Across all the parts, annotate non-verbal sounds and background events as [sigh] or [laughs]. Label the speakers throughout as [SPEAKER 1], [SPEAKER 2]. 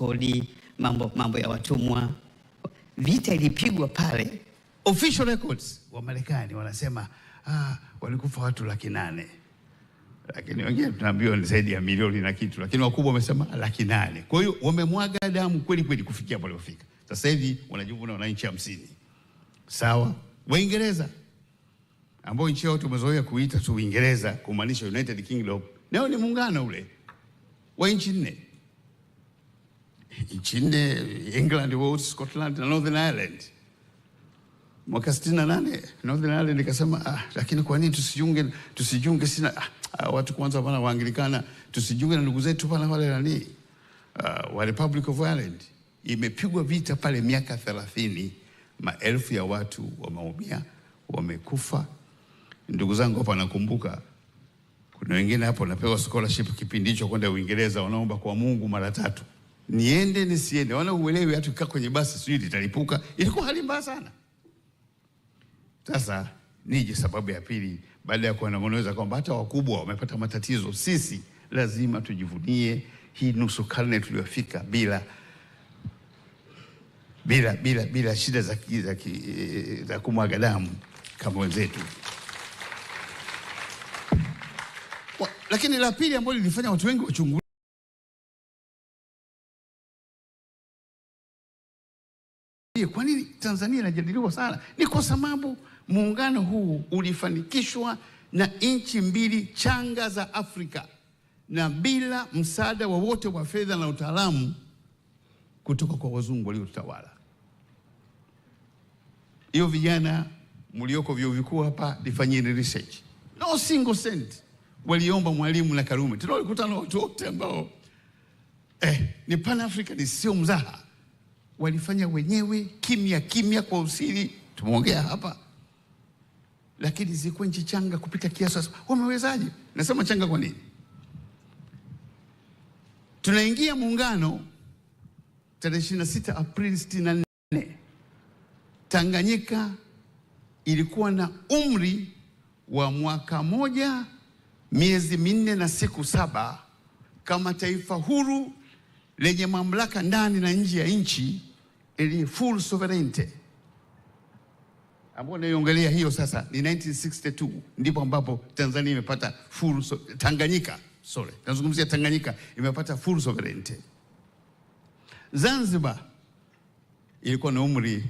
[SPEAKER 1] kodi, mambo, mambo ya watumwa. Vita ilipigwa pale. Official records wa Marekani wanasema ah, walikufa watu laki nane lakini wengine tunaambiwa ni zaidi ya milioni na kitu, lakini wakubwa wamesema laki nane. Kwa hiyo wamemwaga damu kweli kweli kufikia palipofika. Sasa hivi wanajivuna wananchi hamsini. Sawa, Waingereza ambao nchi yao tumezoea kuita tu Uingereza kumaanisha United Kingdom, nao ni muungano ule wa nchi nne nchini England, Wales, Scotland na Northern Ireland mwaka sitini na nane Northern Ireland ikasema, ah, lakini kwa nini tusijunge, tusijunge sina ah, ah, watu kwanza pana waanglikana tusijunge na ndugu zetu pana wale nani uh, wa Republic of Ireland. Imepigwa vita pale miaka thelathini, maelfu ya watu wameumia, wamekufa. Ndugu zangu hapa, nakumbuka kuna wengine hapo napewa scholarship kipindi hicho kwenda Uingereza, wanaomba kwa Mungu mara tatu niende nisiende, wala uelewi. Hata ukikaa kwenye basi sijui litalipuka, ilikuwa hali mbaya sana. Sasa nije sababu ya pili, baada ya mnaweza kwamba hata wakubwa wamepata matatizo, sisi lazima tujivunie hii nusu karne tuliyofika bila bila bila bila shida za, za, za kumwaga damu kama wenzetu. Lakini la pili ambalo lilifanya watu wengi wachungu Je, kwa nini Tanzania inajadiliwa sana? Ni kwa sababu muungano huu ulifanikishwa na nchi mbili changa za Afrika na bila msaada wowote wa, wa fedha na utaalamu kutoka kwa wazungu waliotawala. Hiyo vijana mlioko vyuo vikuu hapa, nifanyeni research. No single cent waliomba Mwalimu na Karume. Tunaolikutana watu wote ambao eh, ni Pan African, sio mzaha walifanya wenyewe kimya kimya kwa usiri, tumeongea hapa lakini zilikuwa nchi changa kupita kiasi. Wamewezaje? Nasema changa kwa nini? Tunaingia muungano tarehe 26 Aprili 64. Tanganyika ilikuwa na umri wa mwaka moja miezi minne na siku saba kama taifa huru lenye mamlaka ndani na nje ya nchi ili e full sovereignty ambayo inaiongelea hiyo sasa ni 1962 ndipo ambapo Tanzania imepata full so, Tanganyika sorry, nazungumzia Tanganyika imepata full sovereignty. Zanzibar ilikuwa na umri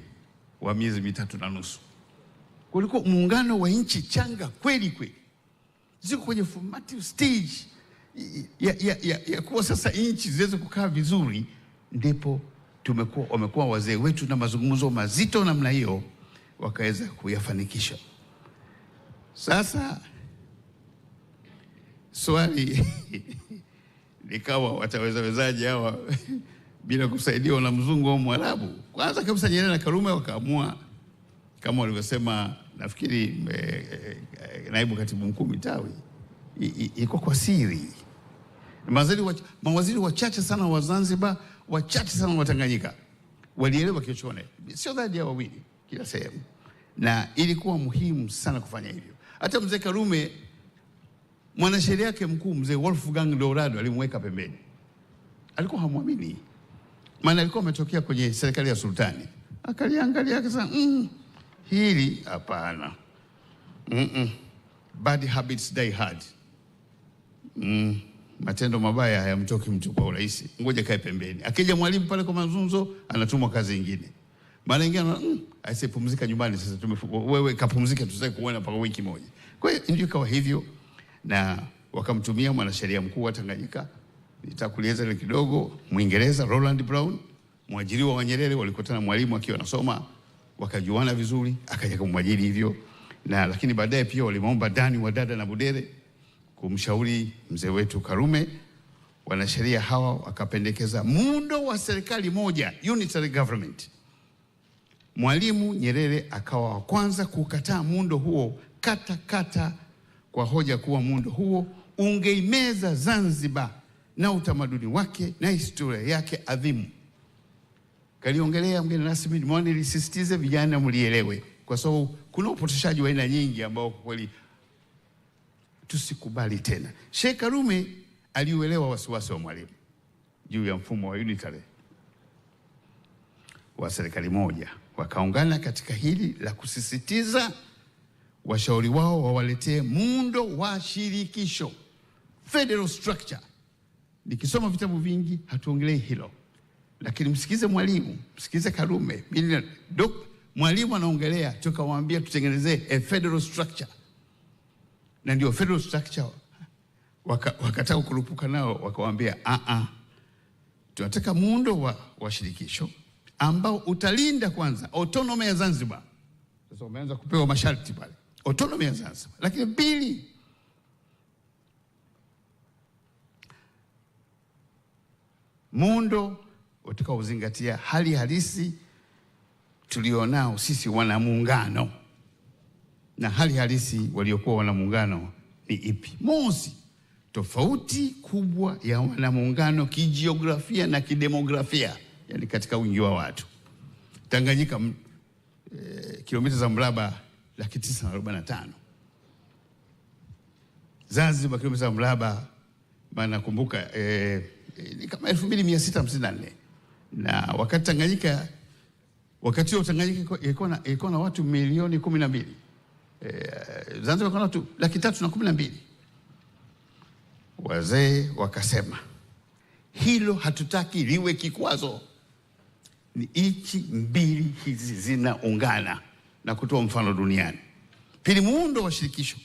[SPEAKER 1] wa miezi mitatu na nusu. Kulikuwa muungano wa nchi changa kweli kweli, ziko kwenye formative stage ya, ya, ya, ya kuwa sasa nchi ziweze kukaa vizuri, ndipo tumekuwa wamekuwa wazee wetu, na mazungumzo mazito namna hiyo wakaweza kuyafanikisha. Sasa swali likawa [laughs] watawezawezaje hawa [laughs] bila kusaidiwa na mzungu au Mwarabu? Kwanza kabisa Nyerere na Karume wakaamua kama walivyosema, nafikiri e, e, naibu katibu mkuu mitawi iko kwa siri, mawaziri wachache sana wa Zanzibar wachache sana Watanganyika walielewa kilichoone, sio zaidi ya wawili kila sehemu, na ilikuwa muhimu sana kufanya hivyo. Hata mzee Karume mwanasheria yake mkuu mzee Wolfgang Dorado alimweka pembeni, alikuwa hamwamini, maana alikuwa ametokea kwenye serikali ya sultani. Akaliangalia akasema, mm, hili hapana, mm -mm. Bad habits die hard mm matendo mabaya hayamtoki mtu kwa urahisi, ngoja kae pembeni. Akija mwalimu pale kwa mazunzo, anatumwa kazi nyingine. Mara nyingine mm, aise, pumzika nyumbani sasa, wewe kapumzika, tutaki kuona paka wiki moja. Kwa hiyo ndio ikawa hivyo, na wakamtumia mwanasheria mkuu wa Tanganyika, nitakueleza ile kidogo, Mwingereza Roland Brown, mwajiriwa wa Nyerere. Walikutana mwalimu akiwa anasoma, wakajuana vizuri, akaja kumwajiri hivyo na, lakini baadaye pia walimwomba Dani wa Dada na Budere kumshauri mzee wetu Karume. Wanasheria hawa wakapendekeza muundo wa serikali moja, unitary government. Mwalimu Nyerere akawa wa kwanza kukataa muundo huo kata kata, kwa hoja kuwa muundo huo ungeimeza Zanzibar na utamaduni wake na historia yake adhimu. Kaliongelea mgeni rasmi, nimeona nilisisitize vijana mlielewe, kwa sababu kuna upotoshaji wa aina nyingi ambao kwa kweli tusikubali tena. Sheikh Karume aliuelewa wasiwasi wa Mwalimu juu ya mfumo wa unitary wa serikali moja, wakaungana katika hili la kusisitiza washauri wao wawaletee muundo wa shirikisho, federal structure. Nikisoma vitabu vingi hatuongelei hilo, lakini msikize Mwalimu, msikize Karume. Mwalimu anaongelea tukawaambia tutengenezee a federal structure na ndio federal structure wakataka waka kurupuka nao, wakawaambia a ah, a, ah, tunataka muundo wa, wa shirikisho ambao utalinda kwanza autonomy ya Zanzibar. Sasa umeanza kupewa masharti pale, autonomy ya Zanzibar, lakini pili muundo utakaozingatia hali halisi tulionao sisi wana muungano na hali halisi waliokuwa wanamuungano ni ipi? Mosi, tofauti kubwa ya wanamuungano kijiografia na kidemografia, yani katika wingi wa watu. Tanganyika eh, kilomita za mraba laki tisa na arobaini na tano. Zanzibar kilomita za mraba maana kumbuka eh, eh, ni kama elfu mbili mia sita hamsini na nne na wakati Tanganyika wakati huo Tanganyika ilikuwa na watu milioni kumi na mbili eh, Zanzibar kuna watu laki tatu na kumi na mbili. Wazee wakasema hilo hatutaki liwe kikwazo, ni nchi mbili hizi zinaungana na kutoa mfano duniani. Pili, muundo wa shirikisho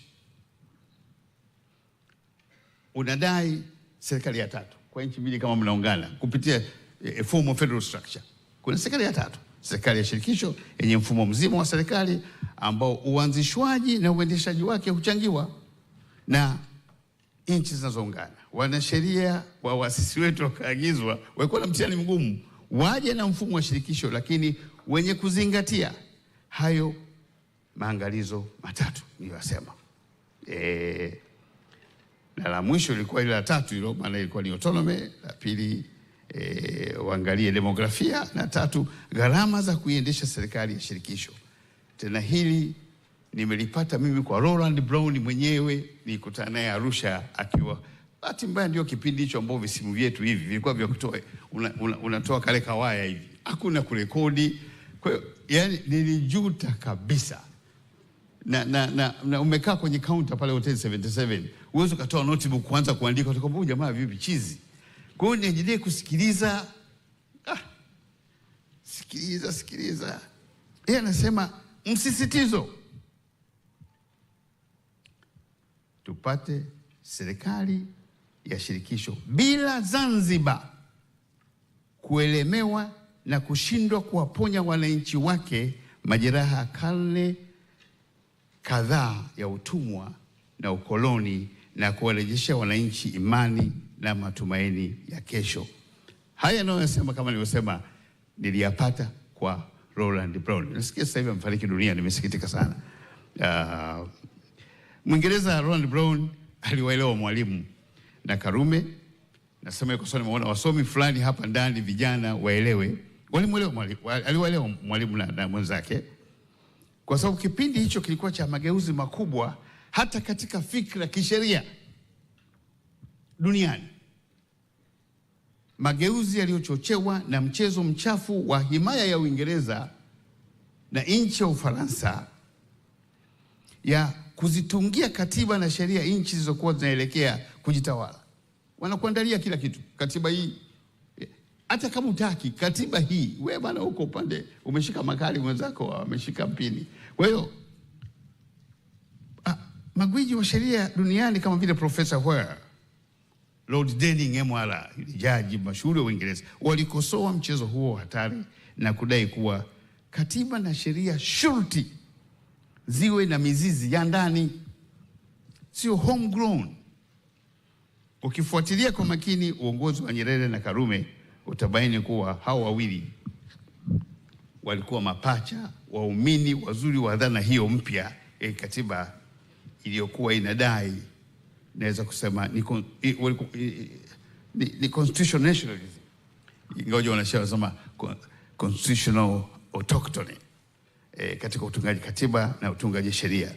[SPEAKER 1] unadai serikali ya tatu kwa nchi mbili kama mnaungana kupitia e, federal structure. Kuna serikali ya tatu, serikali ya shirikisho yenye mfumo mzima wa serikali ambao uanzishwaji na uendeshaji wake huchangiwa na nchi zinazoungana. Wanasheria wa waasisi wetu wakaagizwa walikuwa na mtihani mgumu, waje na mfumo wa shirikisho, lakini wenye kuzingatia hayo maangalizo matatu niliyosema. E, na la mwisho ilikuwa ile la tatu hilo, maana ilikuwa ni autonomy. La pili e, eh, waangalie demografia, na tatu gharama za kuiendesha serikali ya shirikisho. Tena hili nimelipata mimi kwa Roland Brown mwenyewe, nikutana naye Arusha akiwa bahati mbaya ndio kipindi hicho ambao visimu vyetu hivi vilikuwa vya kutoa unatoa una, una, kale kawaya hivi, hakuna kurekodi. Kwa hiyo yani nilijuta kabisa na, na, na, na umekaa kwenye kaunta pale Hotel 77 uweze ukatoa notebook kuanza kuandika, utakwambia jamaa vipi chizi. Kwa hiyo niendelee kusikiliza ah, sikiliza sikiliza, yeye anasema msisitizo tupate serikali ya shirikisho bila Zanzibar kuelemewa na kushindwa kuwaponya wananchi wake majeraha karne kadhaa ya utumwa na ukoloni na kuwarejesha wananchi imani na matumaini ya kesho. Haya yanayosema, kama nilivyosema, niliyapata kwa Roland Brown. Nasikia sasa hivi amefariki dunia, nimesikitika sana. Uh, Mwingereza Roland Brown aliwaelewa Mwalimu na Karume. Nasema kwa sababu nimeona wasomi fulani hapa ndani vijana waelewe, walimuelewa Mwalimu, aliwaelewa Mwalimu na, na mwenzake, kwa sababu kipindi hicho kilikuwa cha mageuzi makubwa hata katika fikra kisheria duniani mageuzi yaliyochochewa na mchezo mchafu wa himaya ya Uingereza na nchi ya Ufaransa ya kuzitungia katiba na sheria nchi zilizokuwa zinaelekea kujitawala. Wanakuandalia kila kitu, katiba hii hata kama utaki katiba hii, we bana huko upande umeshika makali, mwenzako ameshika mpini. Kwa hiyo ah, magwiji wa sheria duniani kama vile Professor Ware Lord Denning Mwala, jaji mashuhuri wa Uingereza, walikosoa mchezo huo hatari na kudai kuwa katiba na sheria shurti ziwe na mizizi ya ndani, sio homegrown. Ukifuatilia kwa makini uongozi wa Nyerere na Karume utabaini kuwa hao wawili walikuwa mapacha, waumini wazuri wa dhana hiyo mpya ya katiba iliyokuwa inadai naweza kusema ni, ni, ni ni constitutional nationalism, ingawa wanasema wanasema constitutional autochthony e, katika utungaji katiba na utungaji sheria.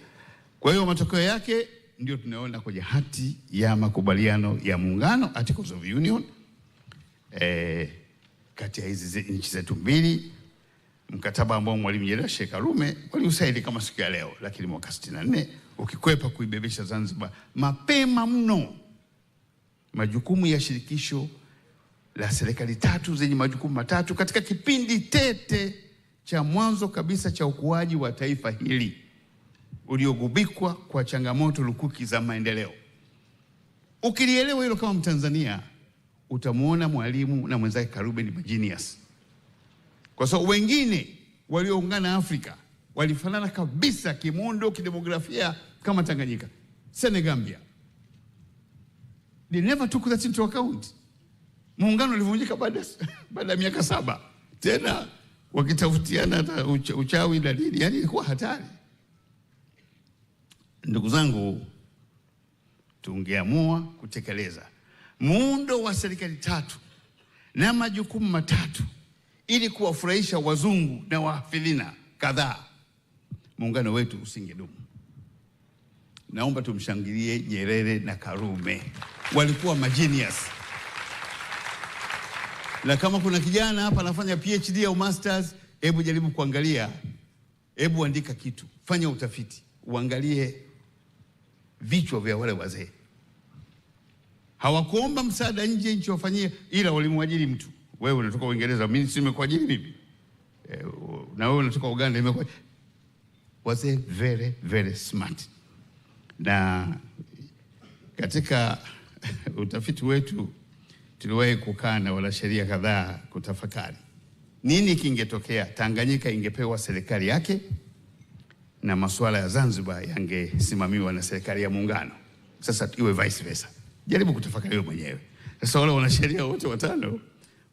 [SPEAKER 1] Kwa hiyo matokeo yake ndio tunaona kwenye hati ya makubaliano ya muungano, Articles of Union e, kati ya hizi nchi zetu mbili, mkataba ambao Mwalimu Nyerere Sheikh Karume waliusaini kama siku ya leo, lakini mwaka 64 ukikwepa kuibebesha Zanzibar mapema mno. Majukumu ya shirikisho la serikali tatu zenye majukumu matatu katika kipindi tete cha mwanzo kabisa cha ukuaji wa taifa hili uliogubikwa kwa changamoto lukuki za maendeleo. Ukilielewa hilo kama Mtanzania, utamwona Mwalimu na mwenzake Karume ni genius, kwa sababu wengine walioungana Afrika walifanana kabisa kimundo kidemografia kama Tanganyika, Senegambia. They never took that into account. Muungano ulivunjika baada [laughs] baada ya miaka saba tena wakitafutiana hata uchawi na dini, yani ilikuwa hatari. Ndugu zangu, tungeamua kutekeleza muundo wa serikali tatu na majukumu matatu ili kuwafurahisha wazungu na wahafidhina kadhaa, muungano wetu usingedumu. Naomba tumshangilie Nyerere na Karume, walikuwa magenius. Na kama kuna kijana hapa anafanya PhD au masters, hebu jaribu kuangalia, hebu andika kitu, fanya utafiti, uangalie vichwa vya wale wazee. Hawakuomba msaada nje nchi wafanyie, ila walimwajiri mtu. Wewe unatoka Uingereza, mimi si nimekuajiri mimi, eh, na wewe unatoka Uganda, imekuwa wazee very very smart na katika [laughs] utafiti wetu tuliwahi kukaa na wanasheria kadhaa kutafakari nini kingetokea Tanganyika ingepewa serikali yake na masuala ya Zanzibar yangesimamiwa na serikali ya muungano. Sasa iwe vice versa. Jaribu kutafakari wewe mwenyewe. Sasa wale wanasheria wote watano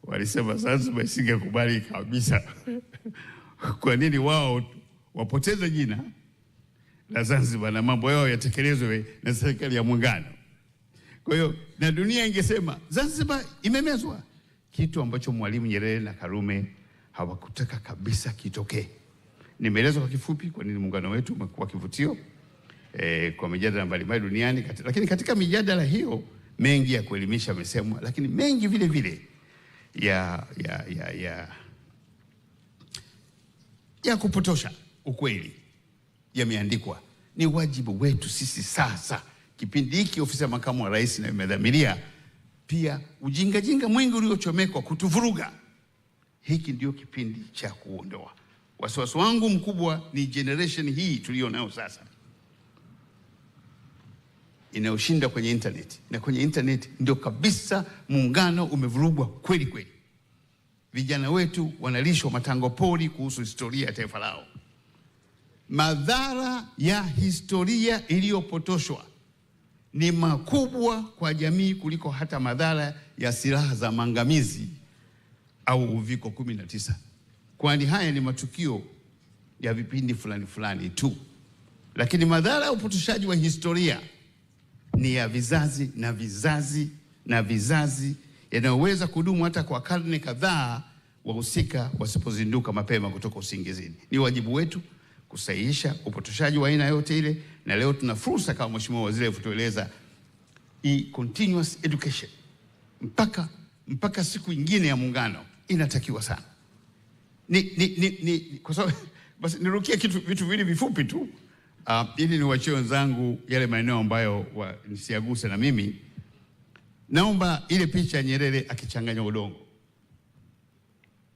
[SPEAKER 1] walisema Zanzibar isingekubali kabisa. [laughs] Kwa nini wao wapoteze jina la Zanzibar na mambo yao yatekelezwe na serikali ya muungano. Kwa hiyo na dunia ingesema Zanzibar imemezwa, kitu ambacho Mwalimu Nyerere na Karume hawakutaka kabisa kitokee. Nimeelezwa kwa kifupi kwa nini muungano wetu umekuwa kivutio e, kwa mijadala mbalimbali duniani kati, lakini katika mijadala hiyo mengi ya kuelimisha yamesemwa, lakini mengi vile vile ya, ya, ya, ya, ya kupotosha ukweli yameandikwa. Ni wajibu wetu sisi sasa, kipindi hiki ofisi ya makamu wa rais na imedhamiria pia ujingajinga mwingi uliochomekwa kutuvuruga, hiki ndio kipindi cha kuondoa. Wasiwasi wangu mkubwa ni generation hii tuliyo nayo sasa inayoshinda kwenye internet, na kwenye internet ndio kabisa muungano umevurugwa kweli kweli. Vijana wetu wanalishwa matango pori kuhusu historia ya taifa lao. Madhara ya historia iliyopotoshwa ni makubwa kwa jamii kuliko hata madhara ya silaha za maangamizi au uviko 19, kwani haya ni matukio
[SPEAKER 2] ya vipindi fulani fulani tu, lakini madhara ya upotoshaji wa historia ni ya vizazi na vizazi na vizazi yanayoweza kudumu hata kwa karne kadhaa, wahusika wasipozinduka mapema kutoka usingizini. Ni wajibu wetu kusahihisha upotoshaji wa aina yote ile, na leo tuna fursa kama Mheshimiwa Waziri alivyotueleza, hii continuous education mpaka, mpaka siku nyingine ya Muungano inatakiwa sana ni, ni, ni, ni, kwa sababu [laughs] basi nirukia kitu vitu vile vifupi tu uh,
[SPEAKER 1] ah, ili niwachie wenzangu yale maeneo ambayo nisiaguse na mimi. Naomba ile picha ya Nyerere akichanganya udongo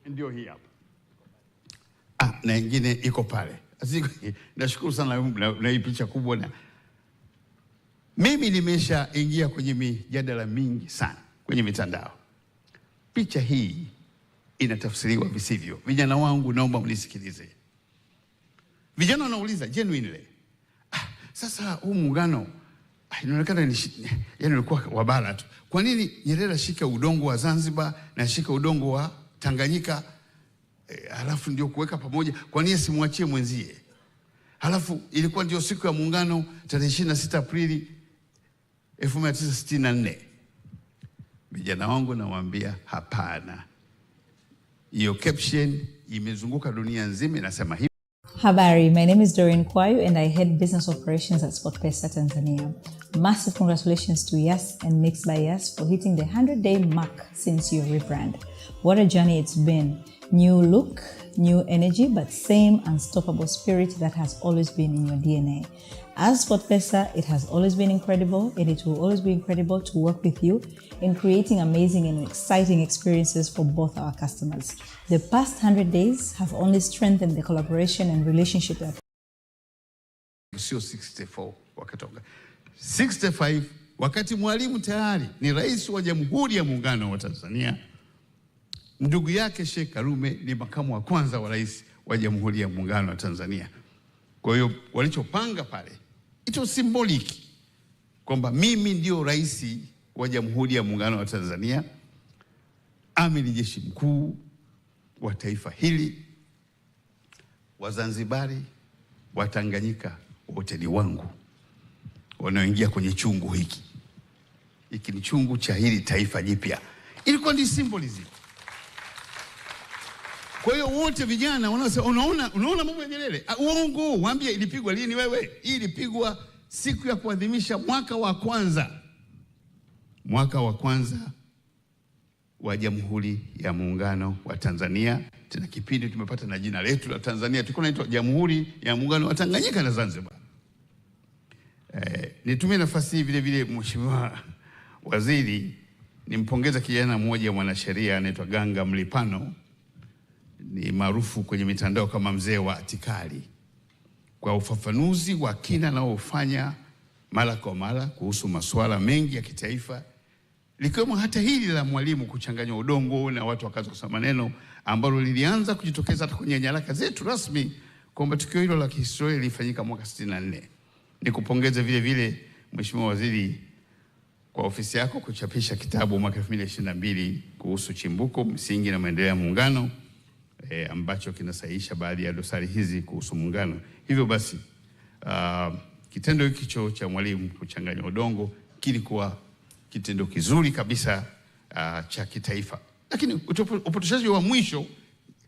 [SPEAKER 1] ndio hii hapa, ah, na nyingine iko pale nashukuru sana na hii picha kubwa na mimi nimeshaingia kwenye mijadala mingi sana kwenye mitandao. Picha hii inatafsiriwa visivyo. Vijana wangu, naomba mnisikilize. Vijana wanauliza genuinely, ah, sasa huu muungano ah, inaonekana ni yani ulikuwa wa bara tu. Kwa nini Nyerere ashike udongo wa Zanzibar na ashike udongo wa Tanganyika? Eh, halafu ndio kuweka pamoja. Kwa nini simwachie mwenzie? Halafu ilikuwa ndio siku ya Muungano, tarehe 26 Aprili 1964. Vijana wangu nawaambia, hapana, hiyo caption imezunguka dunia nzima inasema hivi. Habari, my name is Doreen Kwayu and I head business operations at SportPesa Tanzania. Massive congratulations to Yes and Mixed by Yes for hitting the 100 day mark since your rebrand. What a journey it's been. new look, new energy, but same unstoppable spirit that has always been in your DNA. As for Pesa, it has always been incredible and it will always be incredible to work with you in creating amazing and exciting experiences for both our customers. The past 100 days have only strengthened the collaboration and relationship. Sio 64 wakatoka 65 wakati mwalimu tayari ni rais wa Jamhuri ya Muungano wa Tanzania. Ndugu yake Sheikh Karume ni makamu wa kwanza wa rais wa Jamhuri ya Muungano wa Tanzania. Kwa hiyo walichopanga pale ito symbolic kwamba mimi ndio rais wa Jamhuri ya Muungano wa Tanzania, amiri jeshi mkuu wa taifa hili, Wazanzibari Watanganyika wote ni wangu, wanaoingia kwenye chungu hiki. Hiki ni chungu cha hili taifa jipya. Ilikuwa ni symbolism kwa hiyo wote vijana wanaosema unaona, unaona mambo ya Nyerere ah, uongo, waambie ilipigwa lini wewe? Hii ilipigwa siku ya kuadhimisha mwaka wa kwanza mwaka wa kwanza wa Jamhuri ya Muungano wa Tanzania, tena kipindi tumepata na jina letu la Tanzania, tulikuwa naitwa Jamhuri ya Muungano wa Tanganyika na Zanzibar. Eh, nitumie nafasi hii vile vile, Mheshimiwa Waziri, nimpongeza kijana mmoja mwanasheria anaitwa Ganga Mlipano ni maarufu kwenye mitandao kama mzee wa Atikali kwa ufafanuzi wa kina anaofanya mara kwa mara kuhusu masuala mengi ya kitaifa likiwemo hata hili la Mwalimu kuchanganywa udongo na watu wakaanza kusema maneno ambalo lilianza kujitokeza hata kwenye nyaraka zetu rasmi kwamba tukio hilo la kihistoria lilifanyika mwaka 64. Nikupongeze vile vile Mheshimiwa Waziri kwa ofisi yako kuchapisha kitabu mwaka 2022 kuhusu chimbuko, msingi na maendeleo ya muungano e, ambacho kinasahihisha baadhi ya dosari hizi kuhusu muungano. Hivyo basi uh, kitendo hikicho cha mwalimu kuchanganya udongo kilikuwa kitendo kizuri kabisa uh, cha kitaifa, lakini upotoshaji wa mwisho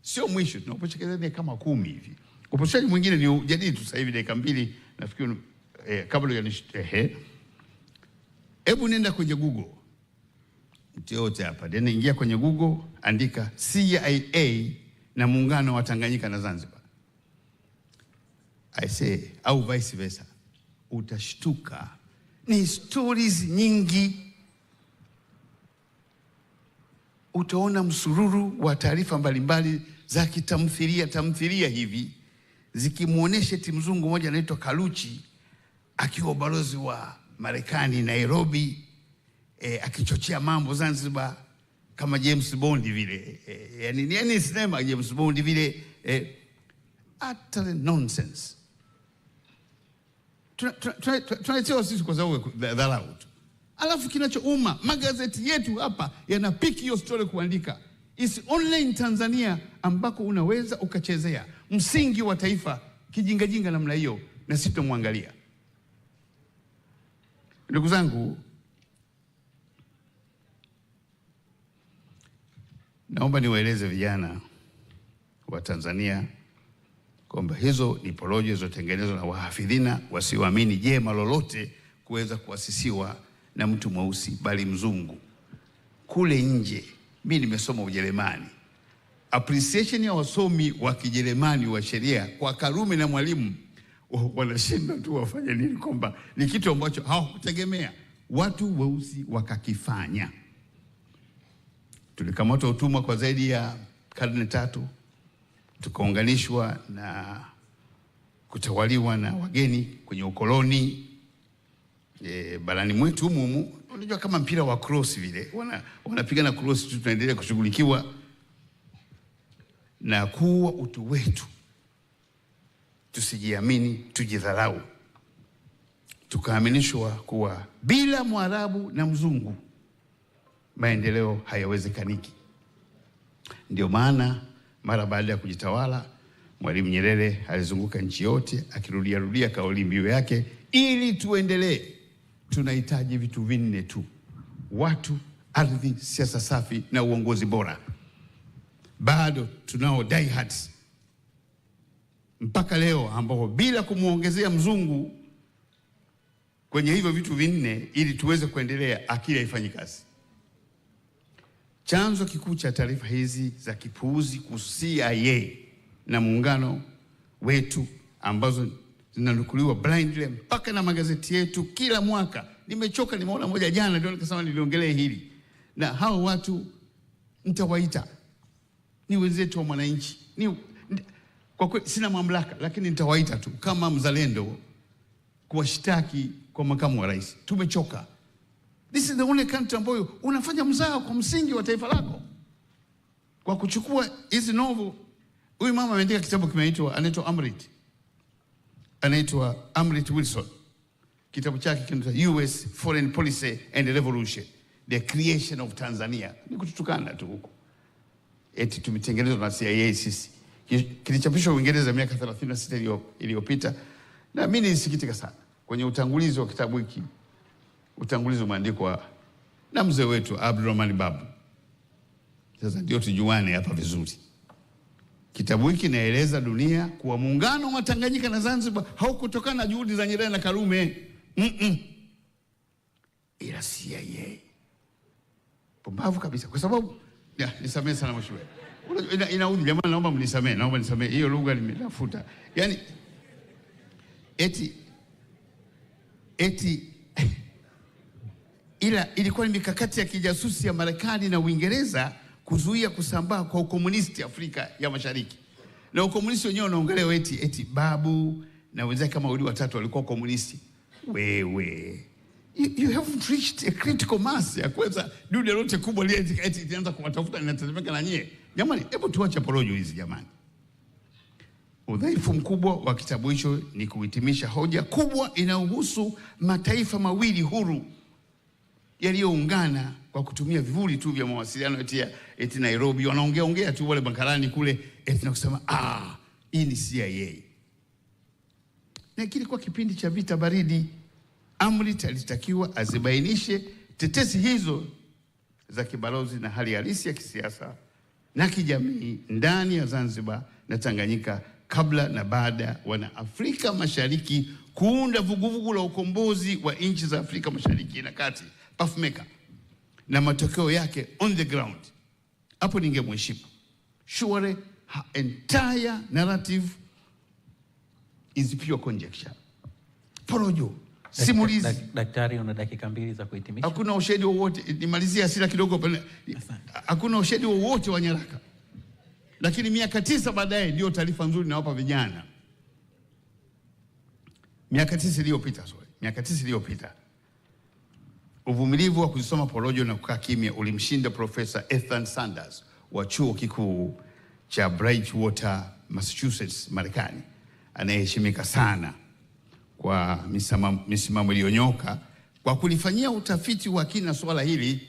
[SPEAKER 1] sio mwisho, tunapochekelea kama kumi hivi. Upotoshaji mwingine ni ujadili tu sasa hivi dakika mbili nafikiri eh, kabla ya eh, hebu nenda kwenye Google mtu yote hapa, ndio ingia kwenye Google andika CIA na muungano wa Tanganyika na Zanzibar. I say au vice versa, utashtuka ni stories nyingi, utaona msururu wa taarifa mbalimbali za kitamthilia tamthilia hivi zikimwonyesha eti mzungu mmoja anaitwa Kaluchi akiwa ubalozi wa Marekani Nairobi, e, akichochea mambo Zanzibar kama James Bond vile e, yani, yani sinema James Bond vile eh, utter nonsense tunaletewa sisi kwa sababu dharau tu, alafu kinachouma magazeti yetu hapa pick hiyo story kuandika. It's only in Tanzania ambako unaweza ukachezea msingi wa taifa kijingajinga namna hiyo, na sitomwangalia Ndugu zangu, Naomba niwaeleze vijana wa Tanzania kwamba hizo ni porojo zilizotengenezwa na wahafidhina wasioamini jema lolote kuweza kuasisiwa na mtu mweusi bali mzungu. Kule nje, mimi nimesoma Ujerumani, appreciation ya wasomi wa Kijerumani wa sheria kwa Karume na Mwalimu oh, wanashinda tu wafanye nini, kwamba ni kitu ambacho hawakutegemea watu weusi wakakifanya. Tulikamata utumwa kwa zaidi ya karne tatu, tukaunganishwa na kutawaliwa na wageni kwenye ukoloni e, barani mwetu humu humu. Unajua kama mpira wa cross vile, wanapigana cross tu, tunaendelea kushughulikiwa na kuwa utu wetu, tusijiamini, tujidharau. Tukaaminishwa kuwa bila Mwarabu na Mzungu maendeleo hayawezekaniki. Ndio maana mara baada ya kujitawala Mwalimu Nyerere alizunguka nchi yote akirudia rudia kauli mbiu yake, ili tuendelee tunahitaji vitu vinne tu: watu, ardhi, siasa safi na uongozi bora. Bado tunao diehards mpaka leo ambao bila kumwongezea mzungu kwenye hivyo vitu vinne ili tuweze kuendelea, akili haifanyi kazi. Chanzo kikuu cha taarifa hizi za kipuuzi kuhusu CIA na muungano wetu ambazo zinanukuliwa blindly mpaka na magazeti yetu kila mwaka. Nimechoka, nimeona moja jana ndio nikasema niliongelee hili. Na hao watu nitawaita, ni wenzetu wa Mwananchi, ni kwa kweli sina mamlaka, lakini nitawaita tu kama mzalendo kuwashtaki kwa makamu wa rais. Tumechoka. This is the only country ambayo unafanya mzaha kwa msingi wa taifa lako kwa kuchukua hizi novel. Huyu mama ameandika kitabu kimeitwa, anaitwa Amrit, anaitwa Amrit Wilson. Kitabu chake kinaitwa US Foreign Policy and Revolution, The Creation of Tanzania. Ni kututukana tu huko, eti tumetengenezwa na CIA sisi. Kilichapishwa Uingereza miaka 36 iliyopita, na mimi nisikitika sana. Kwenye utangulizi wa kitabu hiki utangulizi umeandikwa na mzee wetu Abdurahman Babu. Sasa ndio tujuane hapa vizuri. Kitabu hiki naeleza dunia kuwa muungano wa Tanganyika na Zanzibar haukutokana na juhudi za Nyerere na Karume mm -mm. ila CIA pumbavu kabisa, kwa sababu nisamehe sana mheshimiwa, inaudhi ina jamani, naomba mnisamehe, naomba nisamehe, hiyo lugha nimetafuta, yani eti eti ila ilikuwa ni mikakati ya kijasusi ya Marekani na Uingereza kuzuia kusambaa kwa ukomunisti Afrika ya Mashariki. Na ukomunisti wenyewe unaongelewa eti eti babu na wenzake kama wawili watatu walikuwa komunisti. Wewe you, you have reached a critical mass ya kuweza dude lote kubwa lile eti inaanza kuwatafuta inatetemeka na nyie. Jamani, hebu tuache porojo hizi jamani. Udhaifu mkubwa wa kitabu hicho ni kuhitimisha hoja kubwa inayohusu mataifa mawili huru yaliyoungana kwa kutumia vivuli tu vya mawasiliano eti ya eti Nairobi, wanaongea ongea tu wale makarani kule eti na kusema ah, hii ni CIA. Na kilikuwa kipindi cha vita baridi. Amrit alitakiwa azibainishe tetesi hizo za kibalozi na hali halisi ya kisiasa na kijamii ndani ya Zanzibar na Tanganyika kabla na baada wana Afrika Mashariki kuunda vuguvugu la ukombozi wa nchi za Afrika Mashariki na Kati puff maker na matokeo yake on the ground, hapo ningemheshimu. Surely her entire narrative is pure conjecture, porojo, simulizi. Daktari, una dakika mbili za kuhitimisha. Hakuna ushahidi wowote, nimalizie hasira kidogo Hakuna ushahidi wowote wa nyaraka, lakini miaka tisa baadaye ndio taarifa nzuri nawapa vijana, miaka tisa iliyopita, sorry, miaka tisa iliyopita Uvumilivu wa kuzisoma porojo na kukaa kimya ulimshinda Profesa Ethan Sanders wa chuo kikuu cha Bridgewater, Massachusetts, Marekani, anayeheshimika sana kwa misimamo iliyonyoka kwa kulifanyia utafiti wa kina suala hili,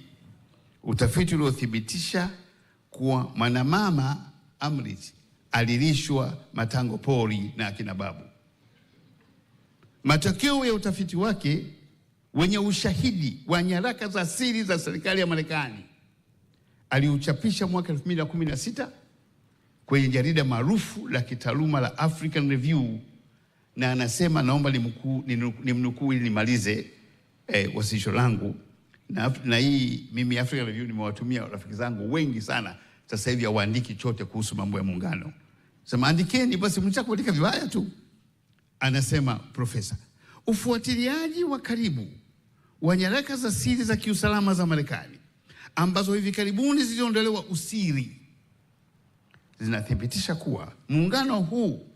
[SPEAKER 1] utafiti uliothibitisha kuwa mwanamama Amrit alilishwa matango pori na akina babu. Matokeo ya utafiti wake wenye ushahidi wa nyaraka za siri za serikali ya Marekani aliuchapisha mwaka 2016 kwenye jarida maarufu la kitaaluma la African Review, na anasema naomba nimnukuu ili nimalize eh, wasilisho langu na, na hii mimi African Review nimewatumia rafiki zangu wengi sana. Sasa hivi hawaandiki chote kuhusu mambo ya muungano, sema andikeni basi, mnataka vibaya tu. Anasema profesa, ufuatiliaji wa karibu wa nyaraka za siri za kiusalama za Marekani ambazo hivi karibuni ziliondolewa usiri zinathibitisha kuwa muungano huu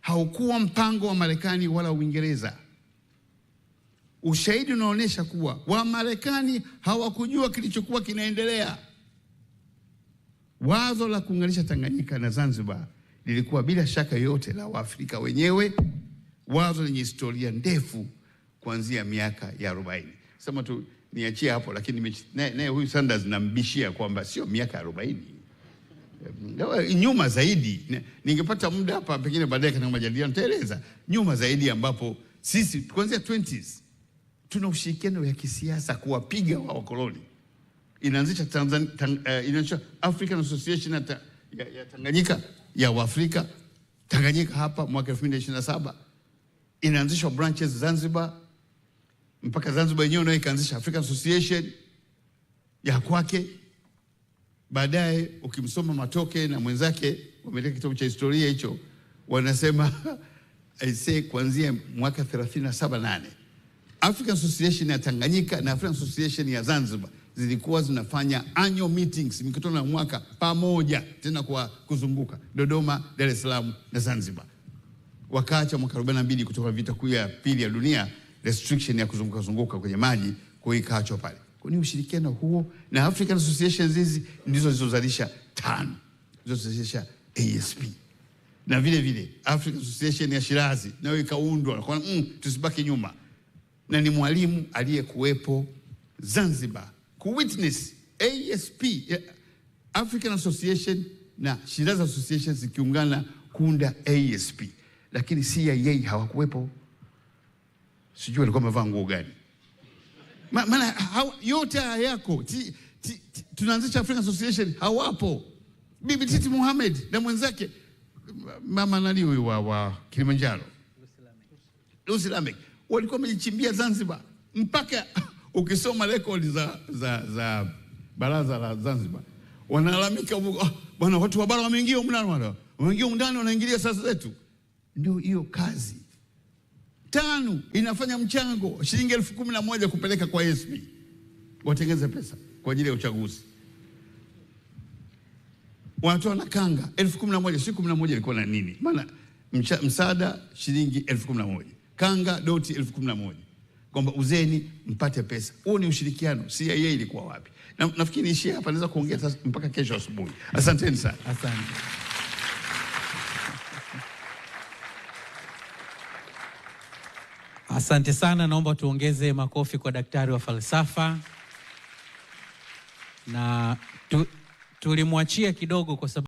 [SPEAKER 1] haukuwa mpango wa Marekani wala Uingereza. Ushahidi unaonyesha kuwa Wamarekani hawakujua kilichokuwa kinaendelea. Wazo la kuunganisha Tanganyika na Zanzibar lilikuwa bila shaka yoyote la Waafrika wenyewe, wazo lenye historia ndefu kuanzia miaka ya 40. Sema tu niachie hapo, lakini naye huyu Sanders nambishia kwamba sio miaka ya arobaini eh, nyuma zaidi. Ningepata muda hapa pengine baadaye katika majadiliano nitaeleza nyuma zaidi, ambapo sisi kuanzia 20s tuna ushirikiano wa kisiasa kuwapiga wa wakoloni. Inaanzisha Tanzania, uh, eh, inaanzisha African Association ya, ya Tanganyika ya Waafrika Tanganyika hapa mwaka 2027 inaanzishwa branches Zanzibar mpaka Zanzibar yenyewe nayo ikaanzisha African Association ya kwake. Baadaye ukimsoma Matoke na mwenzake wameleka kitabu cha historia hicho, wanasema aisee, [laughs] kuanzia mwaka 37 nane African Association ya Tanganyika na African Association ya Zanzibar zilikuwa zinafanya annual meetings, mikutano ya mwaka pamoja,
[SPEAKER 2] tena kwa kuzunguka Dodoma, Dar es Salaam na Zanzibar. Wakaacha mwaka 42 kutoka vita kuu ya pili ya dunia restriction ya kuzunguka zunguka kwenye maji, kwa hiyo ikaachwa pale. Kwa ni ushirikiano huo, na African Associations hizi ndizo zilizozalisha TANU, zilizozalisha ASP na vile vile African Association ya Shirazi nayo ikaundwa kwa mm, tusibaki nyuma, na ni mwalimu aliyekuwepo Zanzibar witness ASP eh, African Association na Shirazi Association zikiungana kuunda ASP, lakini CIA hawakuwepo sijui alikuwa amevaa nguo gani. Maana yote haya yako tunaanzisha African Association hawapo. Bibi Titi Mohamed na mwenzake mama nani huyu wa, wa Kilimanjaro Lucy Lameck walikuwa wamejichimbia Zanzibar, mpaka [laughs] ukisoma rekodi za, za, za baraza la Zanzibar wanalalamika oh, bwana watu wa bara wameingia umndani, wameingia umndani, wanaingilia siasa zetu. Ndio hiyo kazi tano inafanya mchango shilingi elfu kumi na moja kupeleka kwa SB watengeze pesa kwa ajili ya uchaguzi. Wanatoa nakanga elfu kumi na moja si kumi na moja ilikuwa na nini? Maana msaada shilingi elfu kumi na moja kanga doti elfu kumi na moja kwamba uzeni mpate pesa. Huo ni ushirikiano. CIA ilikuwa wapi? Na, nafikiri niishie hapa, naweza kuongea mpaka kesho asubuhi. Asanteni sana, asante. Asante sana, naomba tuongeze makofi kwa daktari wa falsafa na tu, tulimwachia kidogo kwa sababu